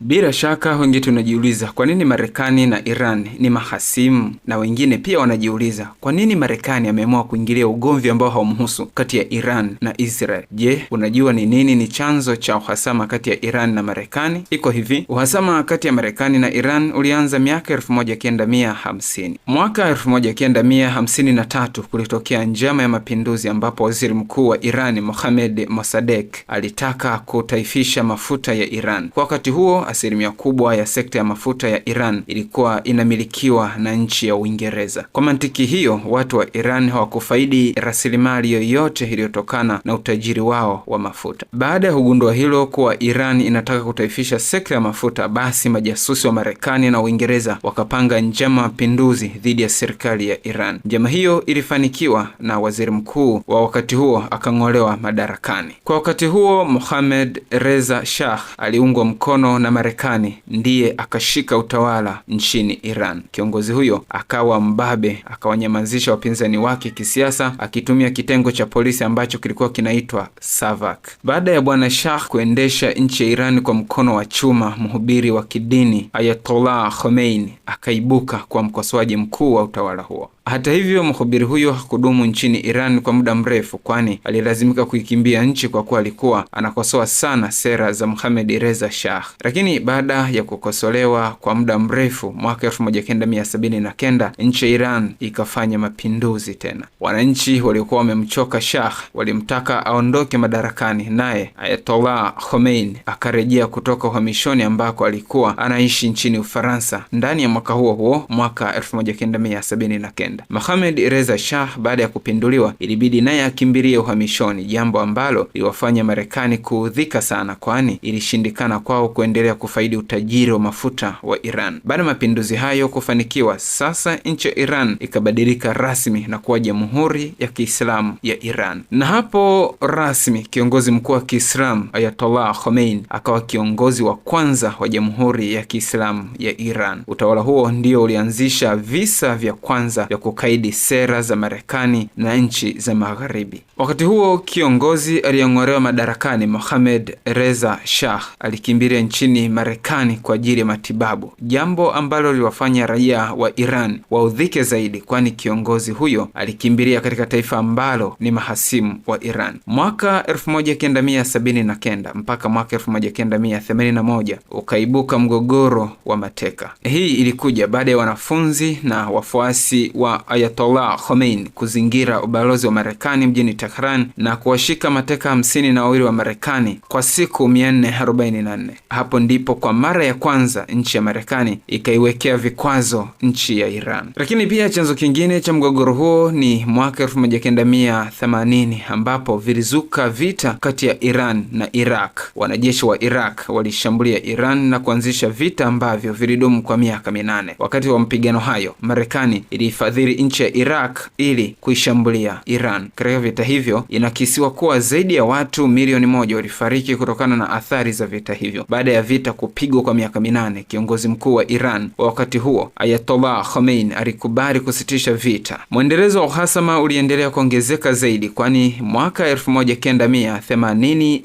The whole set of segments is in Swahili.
Bila shaka wengi tunajiuliza kwa nini Marekani na Iran ni mahasimu, na wengine pia wanajiuliza kwa nini Marekani ameamua kuingilia ugomvi ambao haumhusu kati ya Iran na Israel. Je, unajua ni nini ni chanzo cha uhasama kati ya Iran na Marekani? Iko hivi, uhasama kati ya Marekani na Iran ulianza miaka 1950. Mwaka 1953 kulitokea njama ya mapinduzi ambapo waziri mkuu wa Iran Mohamed Mossadegh alitaka kutaifisha mafuta ya Iran. Kwa wakati huo asilimia kubwa ya sekta ya mafuta ya Iran ilikuwa inamilikiwa na nchi ya Uingereza. Kwa mantiki hiyo, watu wa Iran hawakufaidi rasilimali yoyote iliyotokana na utajiri wao wa mafuta. Baada ya kugundua hilo kuwa Iran inataka kutaifisha sekta ya mafuta, basi majasusi wa Marekani na Uingereza wakapanga njama mapinduzi dhidi ya serikali ya Iran. Njama hiyo ilifanikiwa na waziri mkuu wa wakati huo akang'olewa madarakani. Kwa wakati huo, Mohamed Reza Shah aliungwa mkono na Marekani ndiye akashika utawala nchini Iran. Kiongozi huyo akawa mbabe, akawanyamazisha wapinzani wake kisiasa akitumia kitengo cha polisi ambacho kilikuwa kinaitwa SAVAK. Baada ya bwana Shah kuendesha nchi ya Iran kwa mkono wa chuma, mhubiri wa kidini Ayatollah Khomeini akaibuka kwa mkosoaji mkuu wa utawala huo. Hata hivyo, mhubiri huyo hakudumu nchini Iran kwa muda mrefu, kwani alilazimika kuikimbia nchi kwa kuwa alikuwa anakosoa sana sera za Mohamed Reza Shah. Lakini baada ya kukosolewa kwa muda mrefu, mwaka kenda nchi ya Iran ikafanya mapinduzi tena. Wananchi waliokuwa wamemchoka Shah walimtaka aondoke madarakani, naye Ayatollah Khomeini akarejea kutoka uhamishoni ambako alikuwa anaishi nchini Ufaransa ndani ya mwaka huo huo, mwaka kenda. England. Mohamed Reza Shah baada ya kupinduliwa ilibidi naye akimbilie uhamishoni, jambo ambalo liliwafanya Marekani kuudhika sana, kwani ilishindikana kwao kuendelea kufaidi utajiri wa mafuta wa Iran. Baada ya mapinduzi hayo kufanikiwa, sasa nchi ya Iran ikabadilika rasmi na kuwa Jamhuri ya Kiislamu ya Iran, na hapo rasmi kiongozi mkuu wa Kiislamu Ayatollah Khomeini akawa kiongozi wa kwanza wa Jamhuri ya Kiislamu ya Iran. Utawala huo ndio ulianzisha visa vya kwanza vya kukaidi sera za Marekani na nchi za Magharibi. Wakati huo kiongozi aliyeng'olewa madarakani Mohamed Reza Shah alikimbilia nchini Marekani kwa ajili ya matibabu, jambo ambalo liliwafanya raia wa Iran waudhike zaidi, kwani kiongozi huyo alikimbilia katika taifa ambalo ni mahasimu wa Iran. Mwaka 1979 mpaka mwaka 1981 ukaibuka mgogoro wa mateka. Hii ilikuja baada ya wanafunzi na wafuasi wa Ayatollah Khomeini kuzingira ubalozi wa Marekani mjini Tehran na kuwashika mateka hamsini na wawili wa Marekani kwa siku 444. Hapo ndipo kwa mara ya kwanza nchi ya Marekani ikaiwekea vikwazo nchi ya Iran. Lakini pia chanzo kingine cha mgogoro huo ni mwaka 1980 ambapo vilizuka vita kati ya Iran na Iraq. Wanajeshi wa Iraq walishambulia Iran na kuanzisha vita ambavyo vilidumu kwa miaka minane. Wakati wa mapigano hayo, Marekani ilihifadhi kuisafiri nchi ya Iraq ili kuishambulia Iran. Katika vita hivyo, inakisiwa kuwa zaidi ya watu milioni moja walifariki kutokana na athari za vita hivyo. Baada ya vita kupigwa kwa miaka minane, kiongozi mkuu wa Iran wa wakati huo Ayatollah Khomeini alikubali kusitisha vita. Mwendelezo wa uhasama uliendelea kuongezeka zaidi, kwani mwaka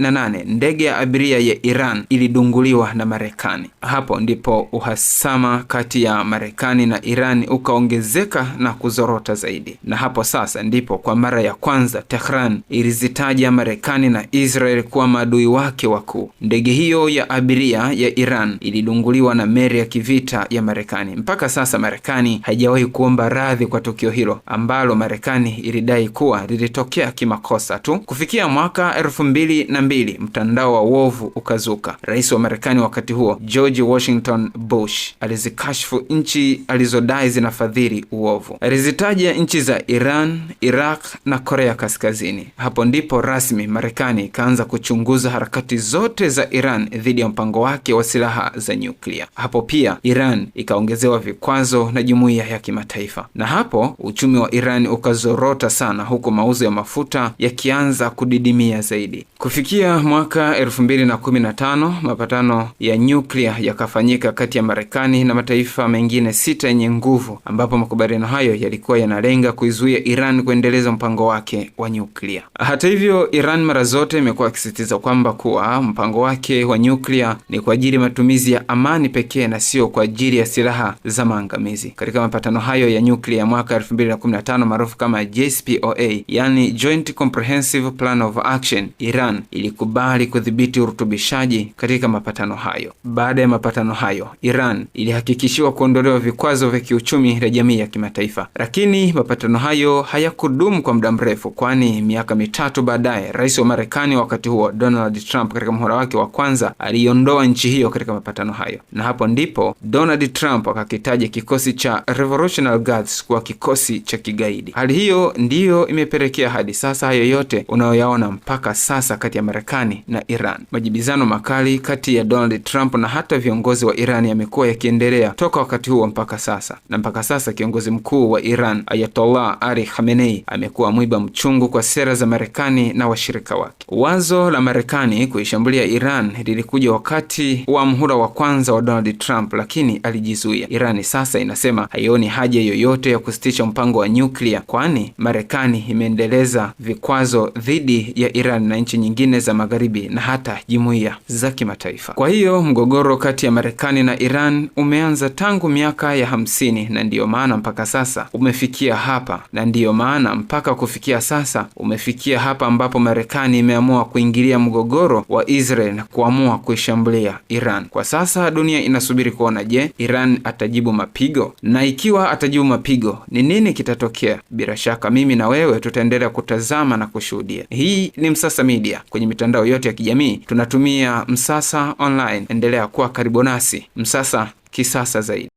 nane ndege ya abiria ya Iran ilidunguliwa na Marekani. Hapo ndipo uhasama kati ya Marekani na Iran ukaongezeka na na kuzorota zaidi, na hapo sasa ndipo kwa mara ya kwanza Tehran ilizitaja Marekani na Israel kuwa maadui wake wakuu. Ndege hiyo ya abiria ya Iran ilidunguliwa na meli ya kivita ya Marekani. Mpaka sasa Marekani haijawahi kuomba radhi kwa tukio hilo ambalo Marekani ilidai kuwa lilitokea kimakosa tu. Kufikia mwaka elfu mbili na mbili mtandao wa uovu ukazuka. Rais wa Marekani wakati huo George Washington Bush alizikashfu nchi alizodai zinafadhili uovu alizitaja nchi za Iran, Iraq na Korea Kaskazini. Hapo ndipo rasmi Marekani ikaanza kuchunguza harakati zote za Iran dhidi ya mpango wake wa silaha za nyuklia. Hapo pia Iran ikaongezewa vikwazo na jumuiya ya kimataifa, na hapo uchumi wa Iran ukazorota sana, huku mauzo ya mafuta yakianza kudidimia zaidi. Kufikia mwaka 2015 mapatano ya nyuklia yakafanyika kati ya Marekani na mataifa mengine sita yenye nguvu, ambapo makubaliano hayo yalikuwa yanalenga kuizuia Iran kuendeleza mpango wake wa nyuklia. Hata hivyo, Iran mara zote imekuwa ikisisitiza kwamba kuwa mpango wake wa nyuklia ni kwa ajili ya matumizi ya amani pekee na sio kwa ajili ya silaha za maangamizi. Katika mapatano hayo ya nyuklia ya mwaka 2015 maarufu kama JCPOA, yani Joint Comprehensive Plan of Action, Iran ilikubali kudhibiti urutubishaji katika mapatano hayo. Baada ya mapatano hayo, Iran ilihakikishiwa kuondolewa vikwazo vya kiuchumi na jamii ya kimataifa. Mataifa. Lakini mapatano hayo hayakudumu kwa muda mrefu, kwani miaka mitatu baadaye rais wa Marekani wakati huo Donald Trump katika mhula wake wa kwanza aliiondoa nchi hiyo katika mapatano hayo, na hapo ndipo Donald Trump akakitaja kikosi cha Revolutionary Guards kuwa kikosi cha kigaidi. Hali hiyo ndiyo imepelekea hadi sasa hayo yote unayoyaona mpaka sasa kati ya Marekani na Iran. Majibizano makali kati ya Donald Trump na hata viongozi wa Iran yamekuwa yakiendelea toka wakati huo mpaka sasa, na mpaka sasa kiongozi mkuu mkuu wa Iran Ayatollah Ali Khamenei amekuwa mwiba mchungu kwa sera za Marekani na washirika wake. Wazo la Marekani kuishambulia Iran lilikuja wakati wa mhula wa kwanza wa Donald Trump, lakini alijizuia. Irani sasa inasema haioni haja yoyote ya kusitisha mpango wa nyuklia, kwani Marekani imeendeleza vikwazo dhidi ya Iran na nchi nyingine za Magharibi na hata jumuiya za kimataifa. Kwa hiyo mgogoro kati ya Marekani na Iran umeanza tangu miaka ya hamsini na ndiyo maana mpaka sasa sasa umefikia hapa, na ndiyo maana mpaka kufikia sasa umefikia hapa ambapo Marekani imeamua kuingilia mgogoro wa Israel na kuamua kuishambulia Iran. Kwa sasa dunia inasubiri kuona, je, Iran atajibu mapigo? Na ikiwa atajibu mapigo, ni nini kitatokea? Bila shaka mimi na wewe tutaendelea kutazama na kushuhudia. Hii ni Msasa Media kwenye mitandao yote ya kijamii, tunatumia Msasa Online. Endelea kuwa karibu nasi. Msasa kisasa zaidi.